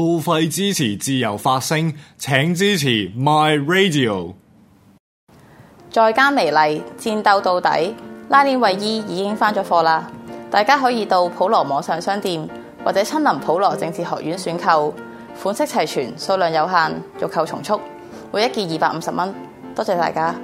付費支持自由發聲，請支持 My Radio。再加微麗，戰鬥到底。拉鏈衛衣已經返咗貨啦，大家可以到普羅網上商店或者親臨普羅政治學院選購，款式齊全，數量有限，欲購從速，每一件二百五十蚊。多謝大家。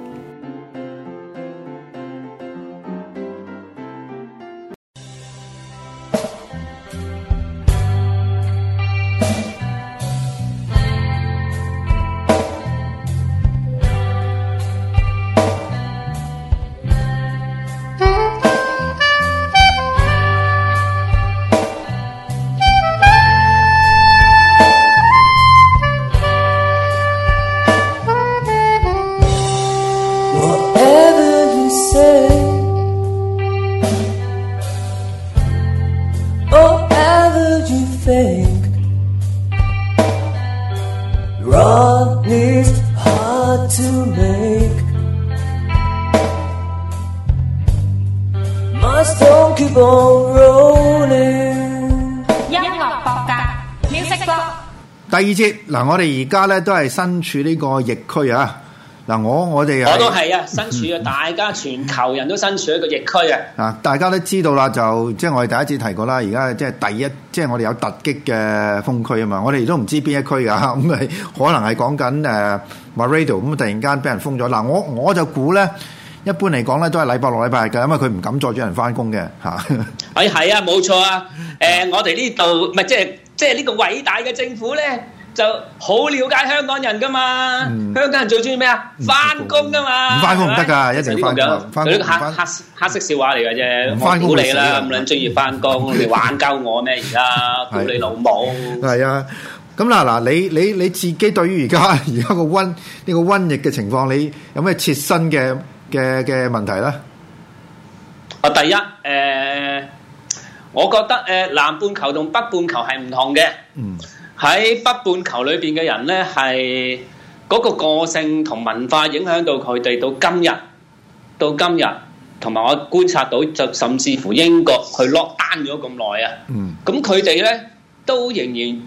嗱，我哋而家咧都係身處呢個疫區啊！嗱，我我哋我都係啊，身處啊，大家全球人都身處一個疫區啊！啊，大家都知道啦，就即係我哋第一次提過啦，而家即係第一，即係我哋有突擊嘅封區啊嘛！我哋都唔知邊一區啊，咁係可能係講緊誒 MyRadio 咁突然間俾人封咗。嗱，我我就估咧，一般嚟講咧都係禮拜六、禮拜日嘅，因為佢唔敢再叫人翻工嘅嚇。誒係啊，冇錯啊！誒，我哋呢度唔即係即係呢個偉大嘅政府咧。就好了解香港人噶嘛，香港人最中意咩啊？翻工噶嘛，唔翻工唔得噶，一定要翻工。翻工翻工，呢個黑黑黑色笑話嚟嘅啫。我估你啦，咁撚中意翻工，你玩鳩我咩？而家估你老母。係啊，咁嗱嗱，你你你自己對於而家而家個瘟呢個瘟疫嘅情況，你有咩切身嘅嘅嘅問題咧？啊，第一，誒，我覺得誒南半球同北半球係唔同嘅。嗯。喺北半球裏邊嘅人呢，係嗰個個性同文化影響到佢哋到今日，到今日，同埋我觀察到，就甚至乎英國佢 lockdown 咗咁耐啊，咁佢哋呢都仍然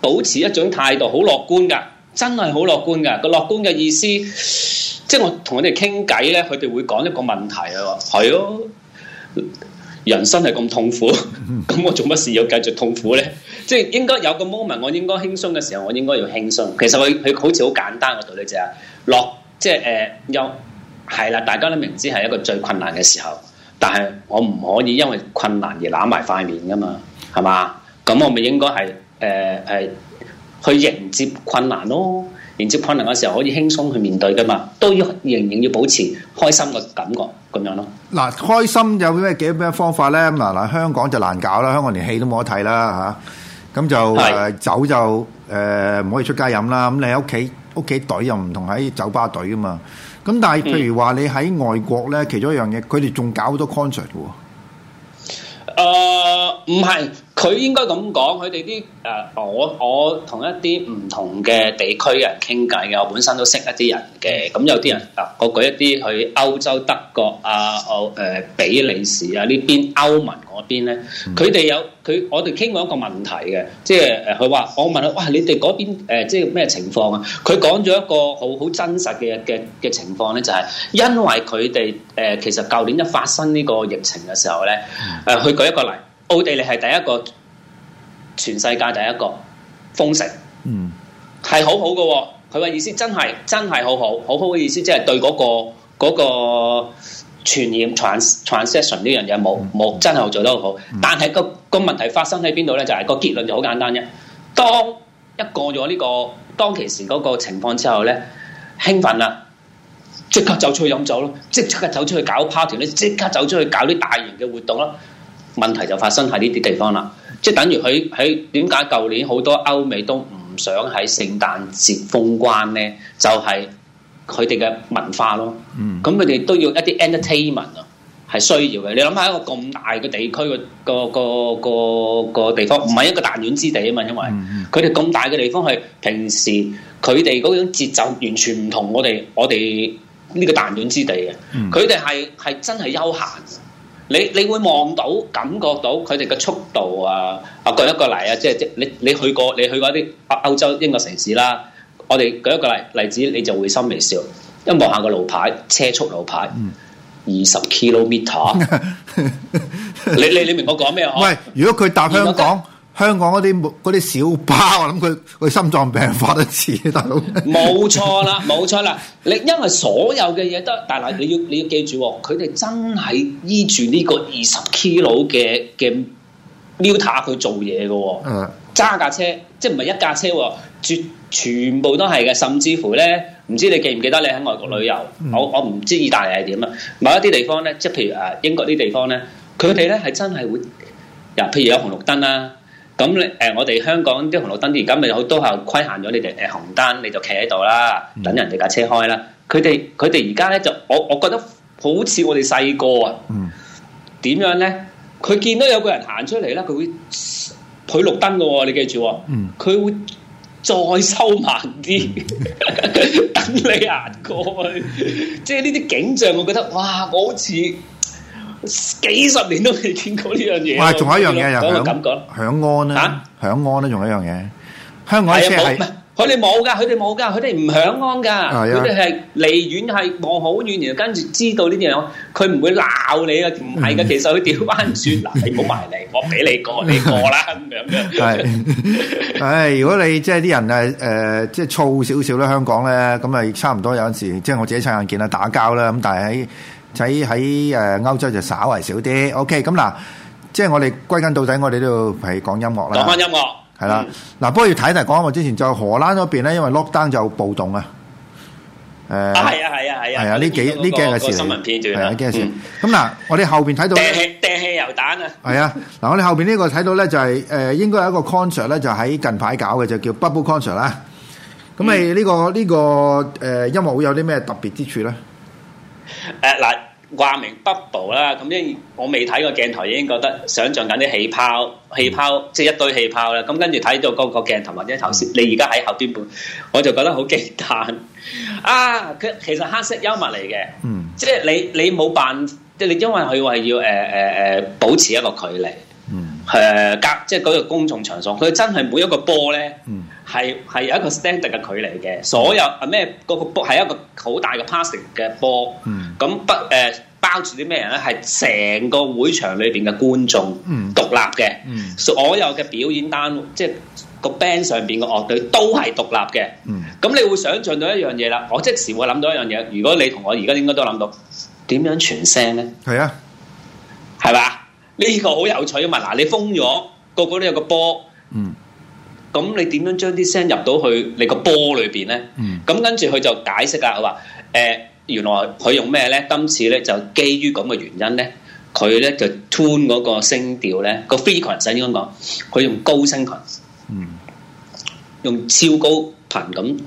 保持一種態度，好樂觀噶，真係好樂觀噶。個樂觀嘅意思，即係我同佢哋傾偈呢，佢哋會講一個問題啊，係咯，人生係咁痛苦，咁、 嗯、 我做乜事要繼續痛苦呢？」即係應該有個 moment，我應該輕鬆嘅時候，我應該要輕鬆。其實佢佢好似好簡單嘅道理就係落，即係誒又係啦。大家都明知係一個最困難嘅時候，但係我唔可以因為困難而攬埋塊面噶嘛，係嘛？咁我咪應該係誒係去迎接困難咯。迎接困難嘅時候可以輕鬆去面對噶嘛，都要仍然要保持開心嘅感覺咁樣咯。嗱，開心有咩幾咩方法咧？嗱嗱，香港就難搞啦，香港連戲都冇得睇啦嚇。啊。咁就誒是酒就誒唔、呃、可以出街飲啦。咁你喺屋企屋企隊又唔同喺酒吧隊㗎嘛。咁但係、嗯、譬如話你喺外國咧，其中一樣嘢，佢哋仲搞好多 concert 嘅喎、哦。唔係、呃。佢應該咁講，佢哋啲誒，我我同一啲唔同嘅地區嘅人傾偈嘅，我本身都識一啲人嘅。咁有啲人啊，我舉一啲去歐洲德國啊、誒比利時啊呢邊歐盟嗰邊咧，佢哋有佢我哋傾過一個問題嘅，即係誒佢話我問佢，哇！你哋嗰邊誒即係咩情況啊？佢講咗一個好好真實嘅嘅嘅情況咧，就係因為佢哋誒其實舊年一發生呢個疫情嘅時候咧，誒，佢舉一個例。奧地利係第一個，全世界第一個封城，係、嗯、好好嘅、哦。佢嘅意思係真係真係好好，好好嘅意思即係對嗰、那個嗰、那個、傳染 trans、嗯、mission 呢樣嘢冇冇真係做得好好。嗯、但係個個問題發生喺邊度咧？就係、是、個結論就好簡單啫。當一過咗呢個、這個、當其時嗰個情況之後咧，興奮啦，即刻走出去飲酒咯，即刻走出去搞 party 咧，即刻走出去搞啲大型嘅活動咯。問題就發生喺呢啲地方啦，即係等於佢佢點解舊年好多歐美都唔想喺聖誕節封關呢？就係佢哋嘅文化咯。咁佢哋都要一啲 entertainment 啊，係需要嘅。你諗下一個咁大嘅地區個個個個地方，唔係一個彈丸之地啊嘛，因為佢哋咁大嘅地方，係平時佢哋嗰種節奏完全唔同我哋我哋呢個彈丸之地嘅。佢哋係係真係休閒。你你會望到感覺到佢哋嘅速度啊啊！舉一個例啊，即係即你你去過你去過啲歐洲英國城市啦，我哋舉一個例例子，你就會心微笑。一望下個路牌車速路牌，二十 k i l o m e t r 你你你明我講咩啊？喂，如果佢搭香港？明明香港嗰啲啲小巴，我諗佢佢心臟病發得遲，大佬。冇錯啦，冇錯啦。你因為所有嘅嘢都，但係你要你要記住、哦，佢哋真係依住呢個二十 kilo 嘅嘅 mula 去做嘢嘅、哦。嗯。揸架車，即係唔係一架車、哦？絕全部都係嘅，甚至乎咧，唔知你記唔記得你喺外國旅遊，嗯、我我唔知意大利係點啦。某一啲地方咧，即係譬如啊英國啲地方咧，佢哋咧係真係會，又譬如有紅綠燈啦。咁你誒我哋香港啲紅綠燈，而家咪好多係規限咗你哋誒紅燈，你就企喺度啦，等人哋架車開啦。佢哋佢哋而家咧就，我我覺得好似我哋細個啊，點、嗯、樣咧？佢見到有個人行出嚟啦，佢會佢綠燈嘅喎、哦，你記住喎，佢、嗯、會再收慢啲，等、嗯、 你行過去。即係呢啲景象，我覺得哇，我好似～幾十年都未見過呢樣嘢，喂，仲有一樣嘢又響響安啦，響安啦，仲有一樣嘢。香港車係佢哋冇㗎，佢哋冇㗎，佢哋唔響安㗎。佢哋係離遠係望好遠，然後跟住知道呢啲，佢唔會鬧你啊！唔係嘅，其實佢調翻轉嗱，你冇埋嚟，我俾你過，你過啦咁樣。係，係。如果你即係啲人啊，誒，即係躁少少啦，香港咧，咁咪差唔多有陣時，即係我自己親眼見啊，打交啦，咁但係喺。喺喺誒歐洲就稍為少啲，OK，咁嗱，即係我哋歸根到底，我哋都要係講音樂啦。講翻音樂，係啦。嗱，不過要睇就係講話之前喺荷蘭嗰邊咧，因為 Lockdown 就暴動啊。誒，係啊，係啊，係啊，係啊，呢幾呢幾日嘅新聞片段，係啊，幾日嘅事。咁嗱，我哋後邊睇到掟掟汽油彈啊。係啊，嗱，我哋後邊呢個睇到咧就係誒，應該有一個 concert 咧，就喺近排搞嘅，就叫 Bubble Concert 啦。咁你呢個呢個誒音樂會有啲咩特別之處咧？誒嗱。掛名 bubble 啦，咁因為我未睇過鏡頭已經覺得想像緊啲氣泡，氣泡，即係、就是、一堆氣泡啦。咁跟住睇到嗰個鏡頭或者頭先，你而家喺後邊半，我就覺得好驚嘆啊！佢其實黑色幽默嚟嘅，嗯、即係你你冇扮，即係你因為佢話要誒誒誒保持一個距離。誒隔即係嗰個公眾場所，佢真係每一個波咧，係係有一個 standard 嘅距離嘅。所有啊咩嗰個波係一個好大嘅 passing 嘅波，咁不誒包住啲咩人咧？係成個會場裏邊嘅觀眾獨立嘅。所有嘅表演單位即係個 band 上邊嘅樂隊都係獨立嘅。咁你會想像到一樣嘢啦。我即時會諗到一樣嘢。如果你同我而家應該都諗到，點樣傳聲咧？係啊，係嘛？呢個好有趣啊嘛！嗱，你封咗個個都有個波，嗯，咁、嗯、你點樣將啲聲入到去你個波裏邊咧？嗯，咁跟住佢就解釋啦，佢話：誒、呃，原來佢用咩咧？今次咧就基於咁嘅原因咧，佢咧就 tune 嗰個聲調咧，個 frequency 應該講？佢用高聲頻，嗯，用超高頻咁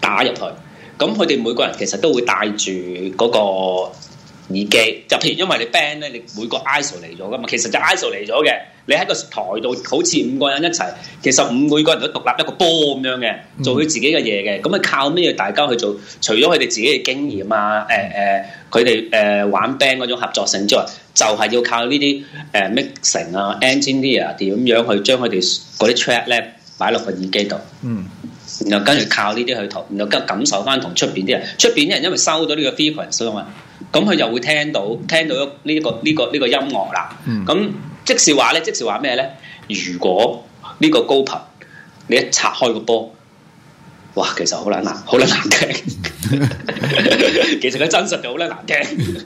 打入去，咁佢哋每個人其實都會帶住嗰個。耳機就譬如因為你 band 咧，你每個 iso 嚟咗㗎嘛，其實就 iso 嚟咗嘅。你喺個台度好似五個人一齊，其實五每個人都獨立一個波咁樣嘅，做佢自己嘅嘢嘅。咁啊、嗯、靠咩大家去做？除咗佢哋自己嘅經驗啊，誒、呃、誒，佢哋誒玩 band 嗰種合作性之外，就係、是、要靠呢啲誒 mixing 啊，engineer 點、啊、樣去將佢哋嗰啲 track 咧擺落個耳機度。嗯。然後跟住靠呢啲去同，然後跟感受翻同出邊啲人，出邊啲人因為收到呢個 frequency 啊嘛，咁佢又會聽到，聽到咗、呢個、呢個呢、呢個呢、呢個音樂啦。咁、嗯、即時話咧，即時話咩咧？如果呢個高頻，你一拆開個波，哇，其實好難難，好難難聽。 其實佢真實嘅好難難聽。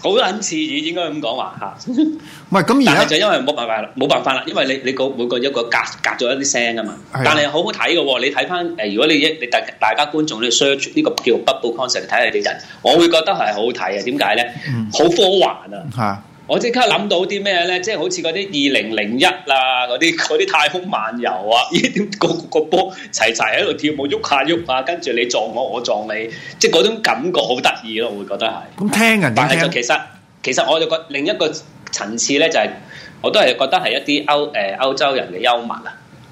好撚似嘅，應該咁講話嚇。唔係咁，而家就因為冇辦法啦，冇辦法啦，因為你你個每個一個隔隔咗一啲聲啊嘛。是的 但係好好睇嘅喎，你睇翻誒，如果你一你大大家觀眾都 search 呢個叫 bubble concert 睇下啲人，我會覺得係好好睇嘅。點解咧？嗯，好科幻啊嚇。我即刻諗到啲咩咧？即係好似嗰啲二零零一啦，嗰啲啲太空漫遊啊，依啲個個波齊齊喺度跳舞，喐下喐下，跟住你撞我，我撞你，即係嗰種感覺好得意咯，我會覺得係。咁聽人，聽但係其實其實我就覺得另一個層次咧，就係、是、我都係覺得係一啲歐誒、呃、歐洲人嘅幽默啊。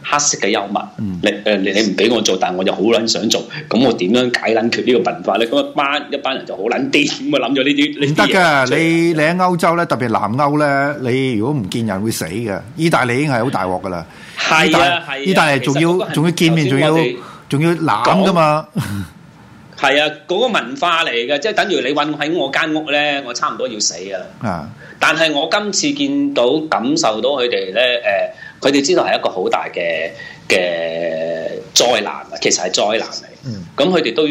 黑色嘅幽默，嗯、你誒你你唔俾我做，但係我就好撚想做，咁我點樣解撚決呢個文化咧？咁一班一班人就好撚癲，咁啊諗咗呢啲，你唔得噶！你你喺歐洲咧，特別南歐咧，你如果唔見人會死噶。意大利已經係好大鑊噶啦，係啊，意大利仲、啊啊、要仲、啊、要見面仲要仲講要攬噶嘛？係啊，嗰、嗰個文化嚟嘅，即係等於你揾喺我間屋咧，我差唔多要死啊！啊，但係我今次見到感受到佢哋咧，誒、呃。佢哋知道係一個好大嘅嘅災難啊，其實係災難嚟。咁佢哋都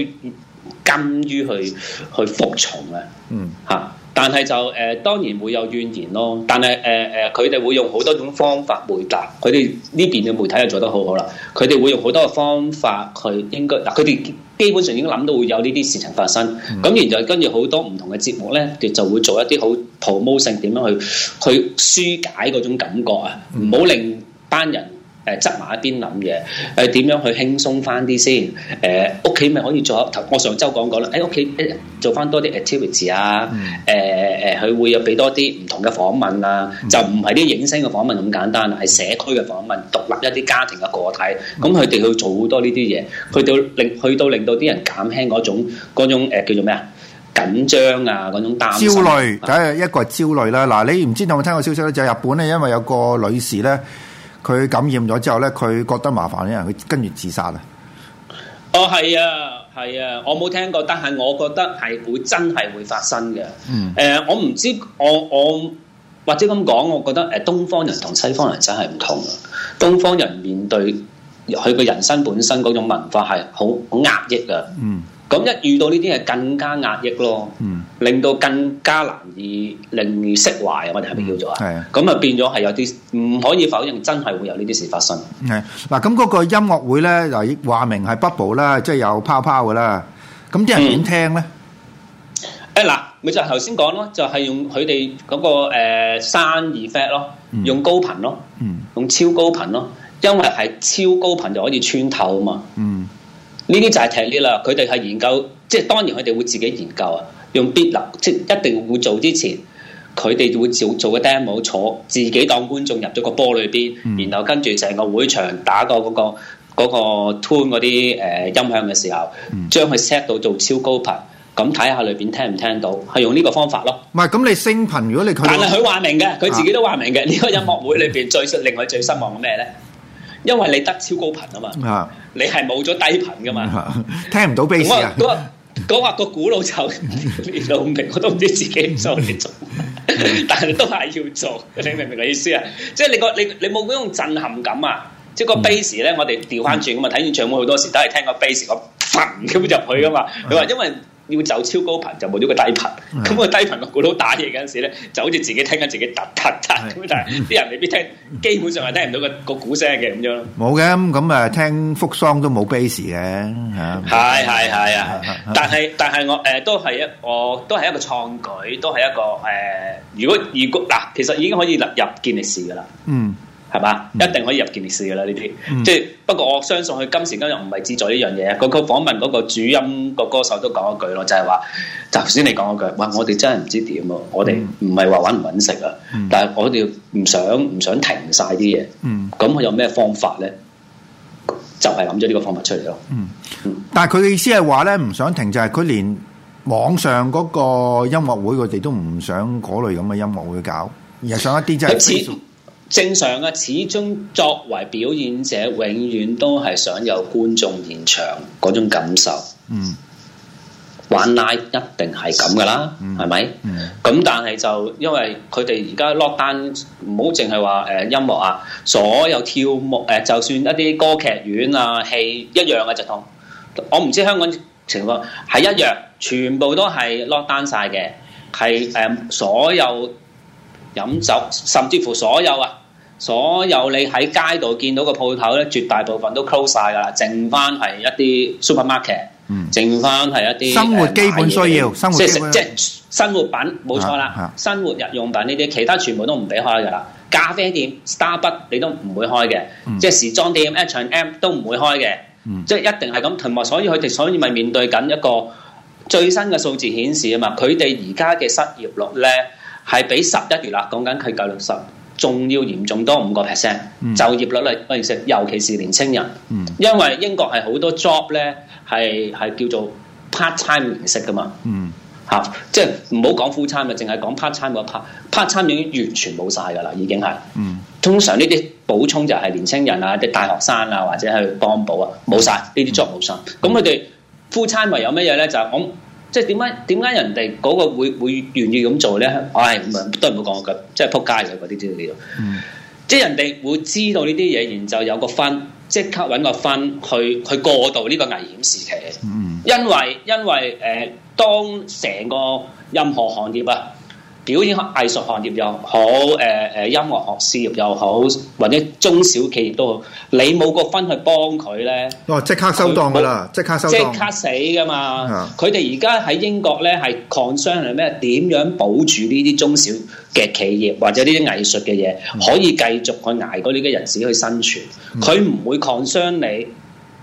甘於去去服從、嗯、啊。嚇！但係就誒當然會有怨言咯。但係誒誒，佢、呃、哋、呃、會用好多種方法回答。佢哋呢邊嘅媒體就做得好好啦。佢哋會用好多嘅方法去應該嗱，佢、呃、哋。基本上已經諗到會有呢啲事情發生，咁、嗯、然後跟住好多唔同嘅節目咧，就就會做一啲好 promotion 點樣去去疏解嗰種感覺啊，唔好、嗯、令班人。誒，執埋一邊諗嘢，誒，點樣去輕鬆翻啲先？誒，屋企咪可以做下頭。我上週講過啦，喺屋企做翻多啲 activity 啊，誒誒，佢會有俾多啲唔同嘅訪問啊，就唔係啲影星嘅訪問咁簡單啦，係社區嘅訪問，獨立一啲家庭嘅個體，咁佢哋去做好多呢啲嘢，去到令去到令到啲人減輕嗰種嗰種誒叫做咩啊？緊張啊，嗰種擔心。焦慮，誒一個係焦慮啦。嗱，你唔知道有冇聽過消息咧？就係日本咧，因為有個女士咧。佢感染咗之後呢，佢覺得麻煩，因為佢跟住自殺啦。哦，係啊，係啊，我冇聽過，但係我覺得係會真係會發生嘅。嗯。誒，我唔知，我，我或者咁講，我覺得誒，東方人同西方人真係唔同啊。東方人面對佢個人生本身嗰種文化係好好壓抑啊。嗯。咁一遇到呢啲嘢，更加壓抑咯。嗯令到更加難以令易釋懷、嗯、啊！我哋係咪叫做啊？係。咁啊變咗係有啲唔可以否認，真係會有呢啲事發生。係、嗯。嗱咁嗰個音樂會咧，又話明係 bubble 啦，即係有泡泡噶啦。咁啲人點聽咧？誒嗱、嗯，咪就頭先講咯，就係、是、用佢哋嗰個生聲 effect 咯，呃、effect，用高頻咯，嗯嗯、用超高頻咯，因為係超高頻就可以穿透啊嘛，嗯。嗯。呢啲就係 technology 啦，佢哋係研究，即、就、係、是、當然佢哋會自己研究啊。用 b 必立即一定會做之前，佢哋會照做做個 demo，坐自己當觀眾入咗個波裏邊，然後跟住成個會場打、嗰個嗰、嗰個 turn 嗰啲誒、呃、音響嘅時候，將佢 set 到做超高頻，咁睇下裏邊聽唔聽到，係用呢個方法咯。唔係咁，你聲頻如果你佢，但係佢話明嘅，佢自己都話明嘅。呢、啊、個音樂會裏邊最令佢最失望嘅咩咧？因為你得超高頻啊嘛，你係冇咗低頻噶嘛，聽唔到 base 啊？講話個古老就 你都唔明，我都唔知自己做唔做， 但係都係要做，你明唔明 你意思啊？即係你個你你冇嗰種震撼感啊！即係個 bass 咧，我哋調翻轉咁啊，睇演唱會好多時都係聽個 bass 咁嘭咁入去㗎嘛，佢話因為。要走超高頻就冇咗個低頻，咁 個低頻個鼓佬打嘢嗰陣時咧，就好似自己聽緊自己突突突咁，但係啲人未必聽，基本上係聽唔到個個鼓聲嘅咁樣。冇嘅，咁、嗯、啊聽復桑都冇 base 嘅嚇。係係係啊，但係但係我誒、呃、都係一個我都係一個創舉，都係一個誒、呃，如果如果嗱，其實已經可以納入健力士噶啦。嗯。係嘛，一定可以入健力士嘅啦，呢啲。即係、嗯、不過我相信佢今時今日唔係資助呢樣嘢。嗰個訪問嗰個主音個歌手都講一句咯，就係話頭先你講嗰句，哇！我哋真係唔知點啊，我哋唔係話搵唔搵食啊，嗯、但係我哋唔想唔想停晒啲嘢。咁佢、嗯、有咩方法咧？就係諗咗呢個方法出嚟咯。嗯嗯、但係佢嘅意思係話咧，唔想停就係、是、佢連網上嗰個音樂會，佢哋都唔想嗰類咁嘅音樂會搞，而係想一啲真係。正常啊，始終作為表演者，永遠都係想有觀眾現場嗰種感受。嗯，玩 live 樂一定係咁噶啦，係咪？咁但係就因為佢哋而家 lock down，唔好淨係話誒音樂啊，所有跳舞誒、呃，就算一啲歌劇院啊戲一樣嘅直通，我唔知香港情況係一樣，全部都係 lock down 曬嘅，係誒、呃、所有。飲酒，甚至乎所有啊，所有你喺街度見到個鋪頭咧，絕大部分都 close 晒噶啦，剩返係一啲 supermarket，剩返係一啲生活基本需要，即係食即係生活品，冇錯啦，生活日用品呢啲，其他全部都唔俾開噶啦。咖啡店、Starbuck 你都唔會開嘅，即係時裝店、H&M 都唔會開嘅，即係一定係咁。同埋所以佢哋所以咪面對緊一個最新嘅數字顯示啊嘛，佢哋而家嘅失業率咧。係比十一月啦，講緊佢就六十，仲要嚴重多五個 percent。就業率嚟嗰件事，嗯、尤其是年青人，嗯、因為英國係好多 job 咧係係叫做 part time 形式噶嘛，嚇，即係唔好講 full time 啊，淨係講 part time 個 part，part time 已經完全冇晒噶啦，已經係。嗯、通常呢啲補充就係年青人啊、啲大學生啊或者係去幫補啊，冇晒。呢啲 job 冇晒。咁佢哋 full time 咪有乜嘢咧？就係我。我即係點解點解人哋嗰個會會願意咁做咧？唉，唔都唔好講嗰句，即係撲街啦！嗰啲啲嘢，嗯、即係人哋會知道呢啲嘢，然後就有個分，即刻搵個分去去過渡呢個危險時期。嗯、因為因為誒、呃，當成個任何行業啊。表演藝術行業又好，誒、呃、誒音樂學事業又好，或者中小企業都好，你冇個分去幫佢咧，哦，即刻收檔㗎啦，他即刻收檔，即刻死㗎嘛！佢哋而家喺英國咧，係 concern 係咩？點樣保住呢啲中小嘅企業，或者呢啲藝術嘅嘢可以繼續去捱，嗰啲嘅人士去生存？佢唔、嗯嗯、會 concern 你。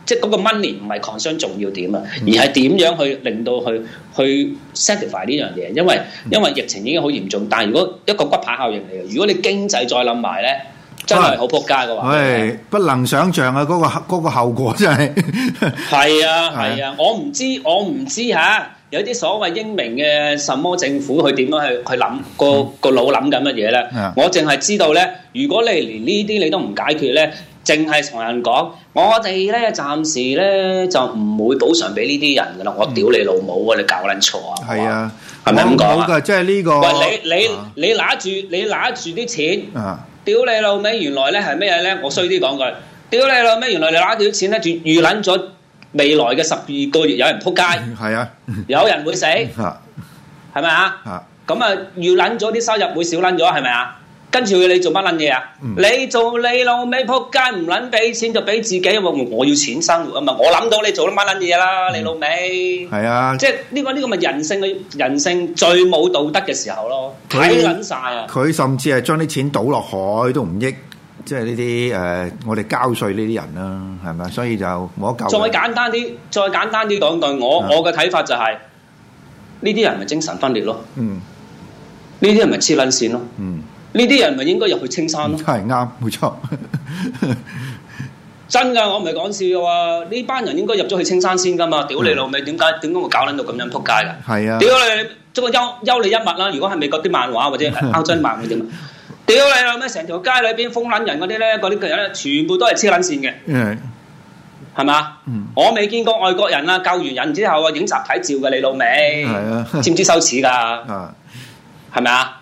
即係嗰個 money 唔係 concern 重要點啊，而係點樣去令到去去 certify 呢樣嘢，因為因為疫情已經好嚴重，但係如果一個骨牌效應嚟嘅，如果你經濟再冧埋咧，真係好仆街嘅話，係不能想像啊！嗰個嗰個後果真係係啊係啊！我唔知我唔知吓，有啲所謂英明嘅什麼政府佢點樣去去諗個個腦諗緊乜嘢咧？我淨係知道咧，如果你連呢啲你都唔解決咧。淨係同人講，我哋咧暫時咧就唔會補償俾呢啲人噶啦，我屌你老母啊！你搞撚錯啊！係啊，係咪咁講啊？即係呢個喂，你你你拿住你拿住啲錢，屌你老味，原來咧係咩咧？我衰啲講句，屌你老味，原來你拿住啲錢咧，預預撚咗未來嘅十二個月，有人撲街，係啊，有人會死，係咪啊？咁啊，預撚咗啲收入會少撚咗，係咪啊？跟住你做乜撚嘢啊？嗯、你做你老味撲街唔撚俾錢就俾自己，我要錢生活啊嘛！我諗到你做咗乜撚嘢啦，你老味？係、嗯、啊，即係呢、這個呢、這個咪人性嘅人性最冇道德嘅時候咯，睇撚晒啊！佢甚至係將啲錢倒落海都唔益，即係呢啲誒我哋交稅呢啲人啦，係咪？所以就冇得救再。再簡單啲，再簡單啲講句，啊、我我嘅睇法就係呢啲人咪精神分裂咯，嗯，呢啲人咪黐撚線咯，嗯。呢啲人咪應該入去青山咯？係啱、嗯，冇錯。呵呵真噶，我唔係講笑啊！呢班人應該入咗去青山先噶嘛？屌你老味，點解點解會搞撚到咁樣撲街㗎？係、嗯、啊！屌你，即係休休你一物啦！如果係美國啲漫畫或者歐洲漫畫，會點？屌、嗯、你老味，成條街裏邊瘋撚人嗰啲咧，嗰啲人咧，全部都係黐撚線嘅。嗯，係嘛？我未見過外國人啊！救完人之後、嗯、啊，影集體照嘅你老味。係啊，知唔知羞恥㗎？啊，係咪啊？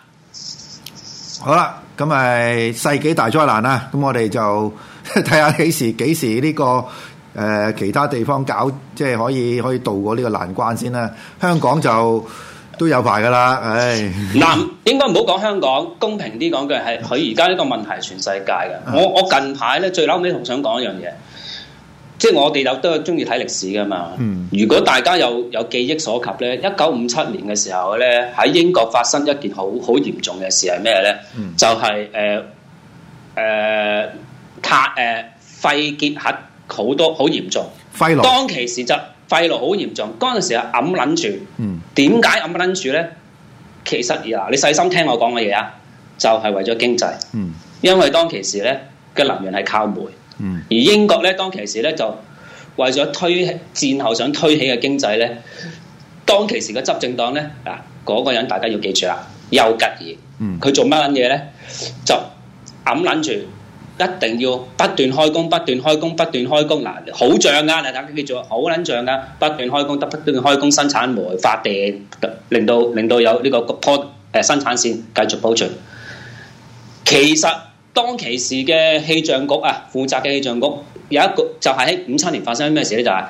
好啦，咁咪世紀大災難啦，咁我哋就睇下幾時幾時，呢、呢個誒、呃、其他地方搞即係可以可以渡過呢個難關先啦。香港就都有排噶啦，唉。嗱，應該唔好講香港，公平啲講句係佢而家呢個問題係全世界嘅、嗯。我我近排咧是的 最嬲尾同想講一樣嘢。即係我哋有都中意睇歷史噶嘛？嗯、如果大家有有記憶所及咧，一九五七年嘅時候咧，喺英國發生一件好好嚴重嘅事係咩咧？嗯、就係誒誒，誒、呃、肺、呃呃呃、結核好多好嚴重，肺落當其時就肺癆好嚴重。嗰陣時啊，揞捻住，點解揞捻住咧？嗯嗯、其實啊，你細心聽我講嘅嘢啊，就係、是、為咗經濟，嗯、因為當其時咧嘅能源係靠煤。嗯，而英國咧當其時咧就為咗推戰後想推起嘅經濟咧，當其時嘅執政黨咧，嗱，嗰個人大家要記住啦，丘吉爾。佢、嗯、做乜撚嘢咧？就揞撚住，一定要不斷開工、不斷開工、不斷開工嗱，好漲噶、啊，你大家記住，好撚漲噶，不斷開工、不斷開工生產煤發電，令到令到有呢個個 production 生產線繼續保存。其實。當其時嘅氣象局啊，負責嘅氣象局有一個就係喺五七年發生咩事咧？就係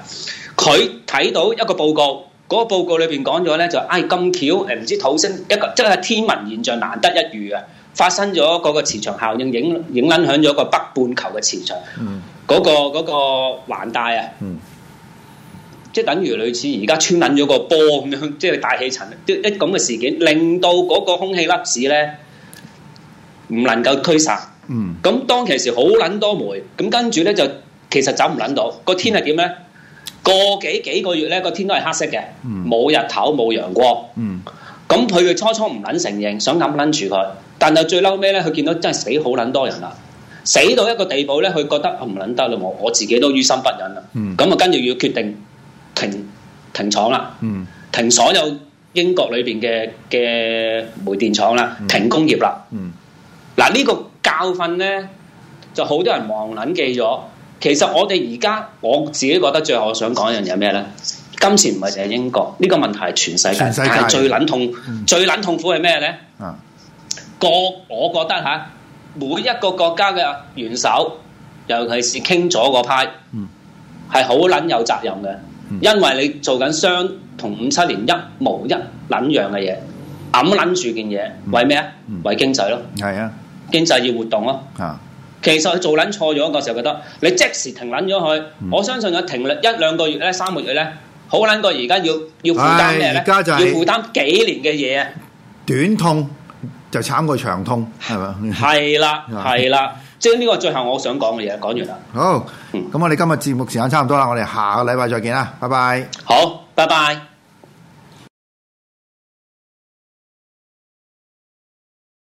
佢睇到一個報告，嗰、那個報告裏邊講咗咧，就係、是、咁、哎、巧誒，唔知土星一個真係天文現象難得一遇嘅、啊，發生咗嗰個磁場效應影影揇響咗個北半球嘅磁場，嗰、嗯那個嗰、那個環帶啊，嗯、即係等於類似而家穿撚咗個波咁樣，即係大氣層一咁嘅事件，令到嗰個空氣粒子咧，唔能夠驅散，咁、嗯、當其時好撚多煤，咁跟住咧就其實走唔撚到，天個天係點咧？過幾幾個月咧個天都係黑色嘅，冇、嗯、日頭冇陽光，咁佢嘅初初唔撚承認，想撚撚住佢，但係最嬲咩咧？佢見到真係死好撚多人啦，死到一個地步咧，佢覺得唔撚、啊、得啦，我我自己都於心不忍啦，咁啊跟住要決定停停，停廠啦，嗯、停所有英國裏邊嘅嘅煤電廠啦，停工業啦。嗱呢、這個教訓咧，就好多人忘捻記咗。其實我哋而家我自己覺得最後我想講一樣嘢咩咧？今次唔係淨係英國呢、這個問題係全世界，世界但係最捻痛、最捻痛苦係咩咧？個、啊、我覺得吓、啊，每一個國家嘅元首，尤其是傾咗嗰派，係好捻有責任嘅，嗯、因為你做緊相同五七年一模一捻樣嘅嘢，揞捻住件嘢，為咩啊？嗯、為經濟咯，係啊！經濟業活動咯，啊、其實佢做捻錯咗，個時候，覺得你即時停捻咗佢，嗯、我相信佢停一兩個月咧、三個月咧，好捻過而家要要負擔咩咧？而家、哎、就是、要負擔幾年嘅嘢啊！短痛就慘過長痛，係咪？係 啦，係啦，即係呢個最後我想講嘅嘢，講完啦。好，咁我哋今日節目時間差唔多啦，我哋下個禮拜再見啦，拜拜。好，拜拜。